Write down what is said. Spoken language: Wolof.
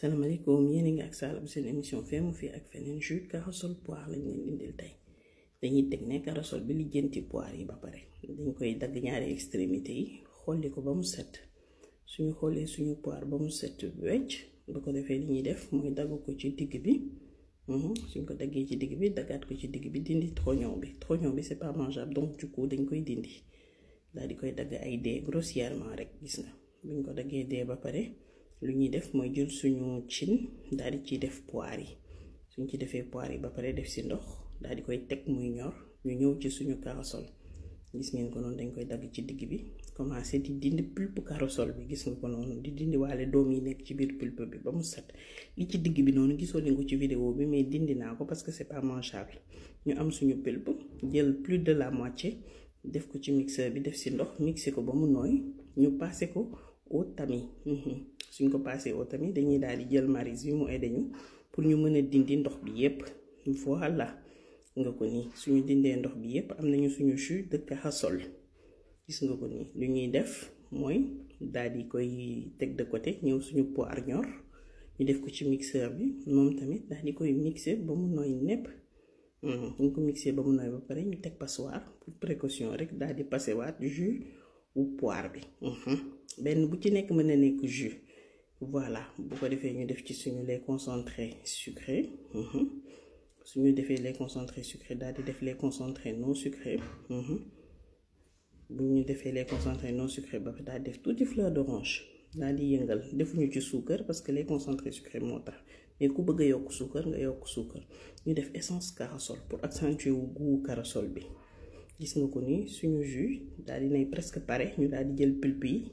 salaam aleykum yéen a ngi ak Saloum seen émission fee mu fii ak feneen jus corossol poire lañ leen indil tey dañuy teg ne corossol bi lijjanti poire yi ba pare dañ koy dagg ñaari extrémité yi xolli ko ba mu set suñu xoolee suñu poire ba mu set wecc ba ko defee li ñuy def mooy dagg ko ci dig bi mhm, suñ ko daggee ci dig bi dagat ko ci dig bi dindi trognon bi trognon bi c'est pas mangeable donc du coup dañ koy dindi daal di koy dagg ay dés grossièrement rek gis na. buñ ko daggee dee ba pare. lu ñuy def mooy jël suñu cin daal di ciy def poire yi suñ ci defee poire yi ba pare def si ndox daal di koy teg muy ñor ñu ñëw ci suñu corossol gis ngeen ko noonu dañ koy dagg ci digg bi commencé di dindi pulpe corossol bi gis nga ko noonu di dindi waale doom yi nekk ci biir pulpe bi ba mu set li ci digg bi noonu gisoo leen ko ci vidéo bi mais dindi naa ko parce que c'est pas mangeable ñu am suñu pulpe jël plus de la moitié def ko ci mixeur bi def si ndox mixé ko ba mu nooy ñu passé ko au tamis mhm. suñ ko passé au tamit dañuy daal di jël maris yi mu aidé ñu pour ñu mën a dindi ndox bi yépp voilà nga ko nii suñu dindee ndox bi yépp am nañu suñu jus de cajasol gis nga ko nii lu ñuy def mooy daal di koy teg de côté ñëw suñu poire arñor ñu def ko ci mixeur bi moom tamit daal di koy mixer ba mu nooy nepp hmm, ñu ko mixer ba mu nooy ba pare ñu teg passoire pour précaution rek daal di passer waat jus ou poire bi hmm, benn bu ci nekk mën na nekk jus voilà beaucoup de fait ñu def ci suñu sucrés. concentré sucré suñu les concentrés mhm. concentré sucré daal di def concentré non sucré mhm. bu ñu les concentrés concentré non sucré ba daal di def fleur d'orange daal di yëngal defuñu ci parce que les concentré sucré moo tax mais ku bëgg sucre, yokk sucre. nga sucre. Nous ñu def essence carasol pour accentuer le goût corossol bi gis nga ko ni suñu jus daal di presque pareil, nous daal di jël pulpi.